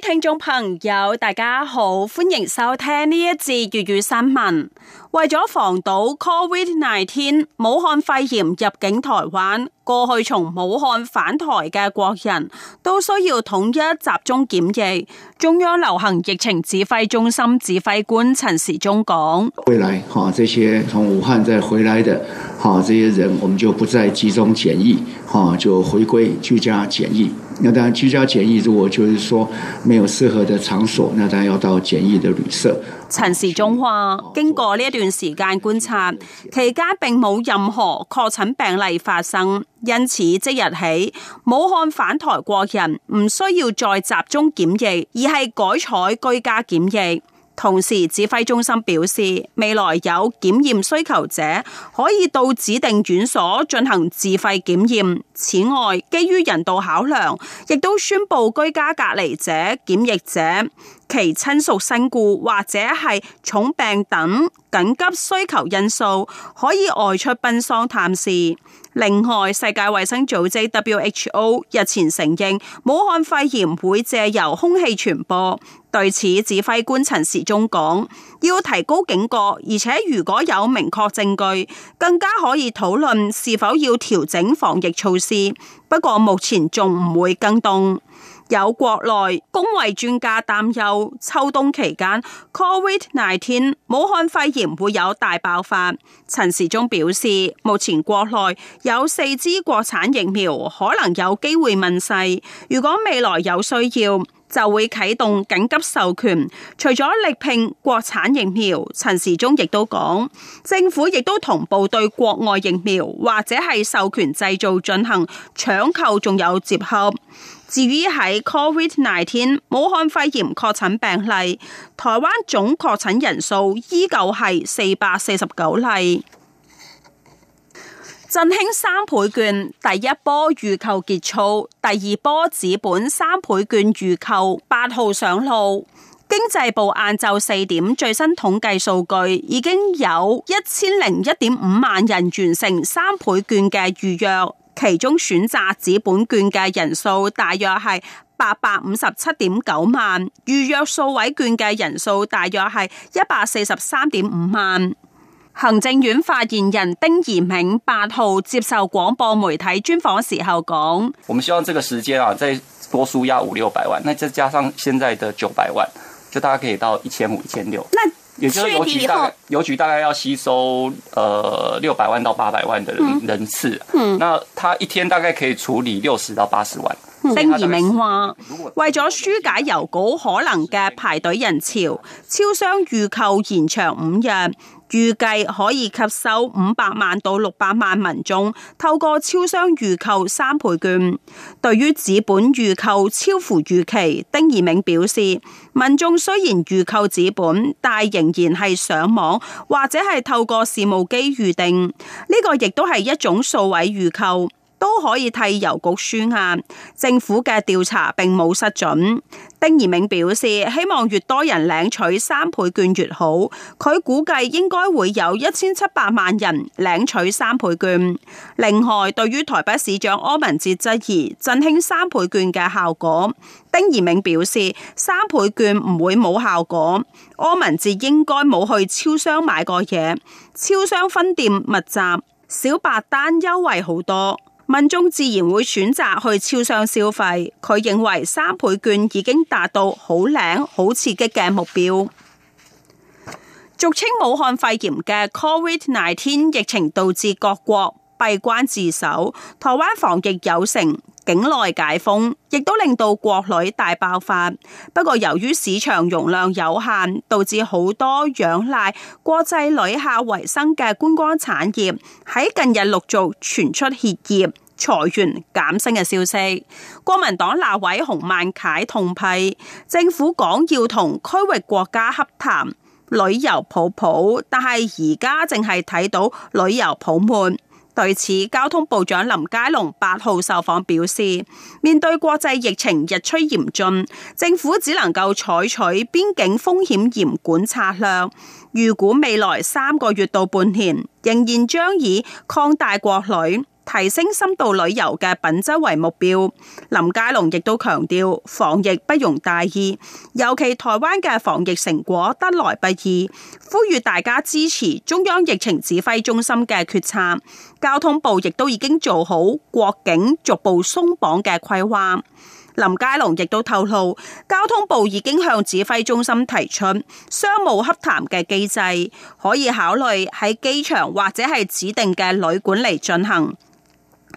聽眾朋友，大家好，歡迎收聽呢一節粵語新聞。為咗防堵 COVID nineteen 武漢肺炎入境台灣，過去從武漢返台嘅國人都需要統一集中檢疫。中央流行疫情指揮中心指揮官陳時中講：未來哈，這些從武漢再回來的哈，這些人我們就不再集中檢疫，哈，就回歸居家檢疫。那當然居家檢疫，如果就是說沒有適合的場所，那當然要到檢疫的旅社。陳時中話：經過呢一段時間觀察，期間並冇任何確診病例發生，因此即日起，武漢返台國人唔需要再集中檢疫，而係改採居家檢疫。同時，指揮中心表示，未來有檢驗需求者可以到指定院所進行自費檢驗。此外，基於人道考量，亦都宣布居家隔離者、檢疫者其親屬身故或者係重病等緊急需求因素，可以外出奔喪探視。另外，世界衛生組織 WHO 日前承認，武漢肺炎會借由空氣傳播。對此，指揮官陳時中講：要提高警覺，而且如果有明確證據，更加可以討論是否要調整防疫措施。不過目前仲唔會更動。有國內公衛專家擔憂，秋冬期間 COVID-19 武漢肺炎會有大爆發。陳時中表示，目前國內有四支國產疫苗可能有機會問世，如果未來有需要。就會啟動緊急授權，除咗力拼國產疫苗，陳時中亦都講，政府亦都同步對國外疫苗或者係授權製造進行搶購，仲有接洽。至於喺 COVID nineteen 武漢肺炎確診病例，台灣總確診人數依舊係四百四十九例。振興三倍券第一波預購結束，第二波紙本三倍券預購八號上路。經濟部晏晝四點最新統計數據，已經有一千零一點五萬人完成三倍券嘅預約，其中選擇紙本券嘅人數大約係八百五十七點九萬，預約數位券嘅人數大約係一百四十三點五萬。行政院發言人丁怡銘八號接受廣播媒體專訪時候講：，我們希望這個時間啊，再多輸壓五六百萬，那再加上現在的九百萬，就大概可以到一千五一千六。那也就是郵局大概郵局,局大概要吸收，呃，六百萬到八百萬的人,、嗯、人次。嗯，那他一天大概可以處理六十到八十萬。嗯、丁怡銘話：，為咗紓解郵局可能嘅排隊人潮，超商預購延長五日。預計可以吸收五百萬到六百萬民眾透過超商預購三倍券。對於紙本預購超乎預期，丁怡銘表示，民眾雖然預購紙本，但仍然係上網或者係透過事務機預定，呢、這個亦都係一種數位預購。都可以替郵局宣限，啊。政府嘅調查，並冇失準。丁怡銘表示，希望越多人領取三倍券越好。佢估計應該會有一千七百萬人領取三倍券。另外，對於台北市長柯文哲質疑振興三倍券嘅效果，丁怡銘表示三倍券唔會冇效果。柯文哲應該冇去超商買過嘢，超商分店密集，小白單優惠好多。民眾自然會選擇去超商消費。佢認為三倍券已經達到好領、好刺激嘅目標。俗稱武漢肺炎嘅 COVID-19 疫情導致各國閉關自守，台灣防疫有成。境內解封，亦都令到國旅大爆發。不過由於市場容量有限，導致好多仰賴國際旅客維生嘅觀光產業，喺近日陸續傳出歇業、裁員、減薪嘅消息。國民黨立委洪孟楷痛批，政府講要同區域國家洽談旅遊泡泡，但係而家淨係睇到旅遊泡沫。對此，交通部長林佳龍八號受訪表示，面對國際疫情日趨嚴峻，政府只能夠採取邊境風險嚴管策略。預估未來三個月到半年仍然將以擴大國旅，提升深度旅遊嘅品質為目標，林佳龍亦都強調防疫不容大意，尤其台灣嘅防疫成果得來不易，呼籲大家支持中央疫情指揮中心嘅決策。交通部亦都已經做好國境逐步鬆綁嘅規劃。林佳龍亦都透露，交通部已經向指揮中心提出商務洽談嘅機制，可以考慮喺機場或者係指定嘅旅館嚟進行。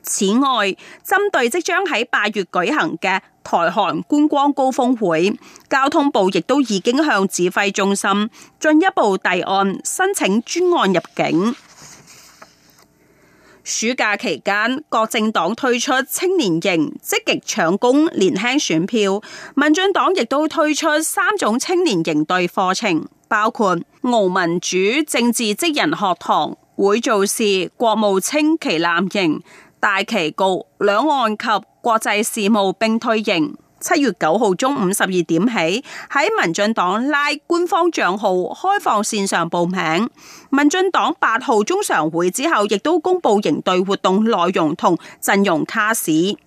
此外，針對即將喺八月舉行嘅台韓觀光高峰會，交通部亦都已經向指揮中心進一步遞案申請專案入境。暑假期間，各政黨推出青年營，積極搶攻年輕選票。民進黨亦都推出三種青年營隊課程，包括澳民主政治職人學堂、會做事國務卿旗艦營。大旗告兩岸及國際事務並退營，並推營。七月九號中午十二點起，喺民進黨拉官方賬號開放線上報名。民進黨八號中常會之後，亦都公布營隊活動內容同陣容卡士。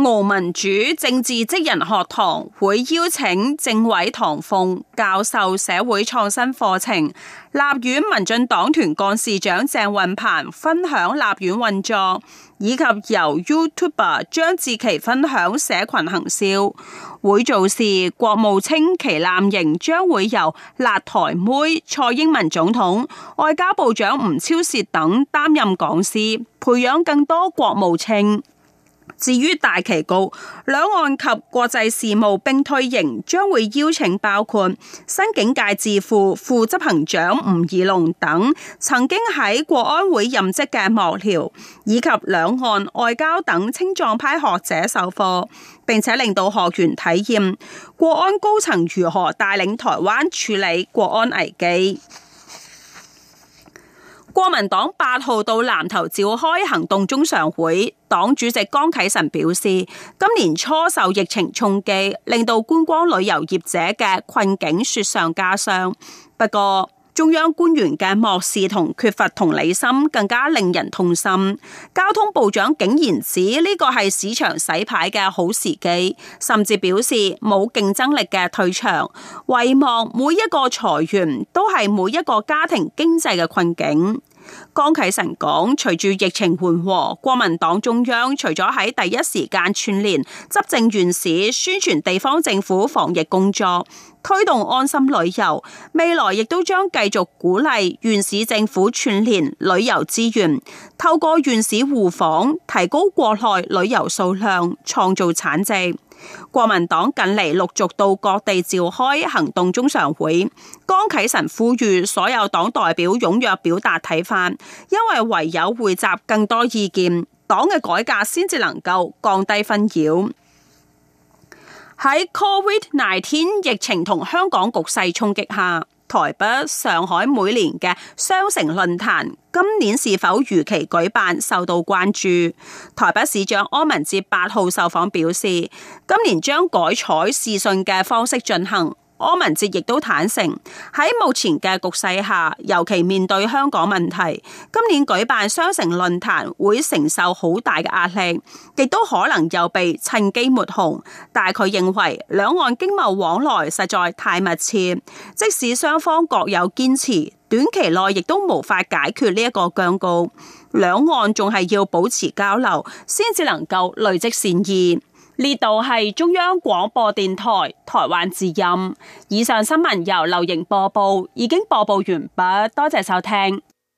俄民主政治職人學堂會邀請政委唐鳳教授社會創新課程，立院民進黨團幹事長鄭運鵬分享立院運作，以及由 YouTuber 張志祺分享社群行銷。會做事國務卿旗艦營將會由辣台妹蔡英文總統、外交部長吳釗燮等擔任講師，培養更多國務卿。至於大旗高兩岸及國際事務兵推營將會邀請包括新境界智庫副執行長吳怡龍等曾經喺國安會任職嘅幕僚，以及兩岸外交等青壯派學者授課，並且令到學員體驗國安高層如何帶領台灣處理國安危機。國民黨八號到南頭召開行動中常會，黨主席江啟臣表示，今年初受疫情衝擊，令到觀光旅遊業者嘅困境雪上加霜。不過，中央官員嘅漠視同缺乏同理心更加令人痛心。交通部長竟然指呢個係市場洗牌嘅好時機，甚至表示冇競爭力嘅退場，遺忘每一個裁員都係每一個家庭經濟嘅困境。江啟臣講，隨住疫情緩和，國民黨中央除咗喺第一時間串聯執政縣市，宣傳地方政府防疫工作，推動安心旅遊，未來亦都將繼續鼓勵縣市政府串聯旅遊資源，透過縣市互訪，提高國內旅遊數量，創造產值。國民黨近嚟陸續到各地召開行動中常會，江啟臣呼籲所有黨代表踊躍表達睇法，因為唯有匯集更多意見，黨嘅改革先至能夠降低紛擾。喺 Covid nineteen 疫情同香港局勢衝擊下。台北、上海每年嘅雙城論壇今年是否如期舉辦受到關注。台北市長柯文哲八號受訪表示，今年將改採視訊嘅方式進行。柯文哲亦都坦承，喺目前嘅局勢下，尤其面對香港問題，今年舉辦雙城論壇會承受好大嘅壓力，亦都可能又被趁機抹紅。但係佢認為，兩岸經貿往來實在太密切，即使雙方各有堅持，短期內亦都無法解決呢一個僵局。兩岸仲係要保持交流，先至能夠累積善意。呢度係中央廣播電台台灣之音，以上新聞由劉瑩播報，已經播報完畢，多謝收聽。